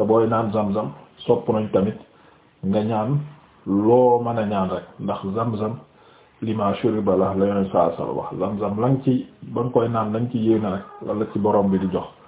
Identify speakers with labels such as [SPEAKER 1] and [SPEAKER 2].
[SPEAKER 1] que booy naan zam-zam sopp nañ tamit nga ñaan loo mën a ñaan rek ndax zam-zam lima shuriba la la yoneen saa sala wax zam-zam la ci ba nga koy
[SPEAKER 2] naan la nga ci yéene rek la la ci borom bi di jox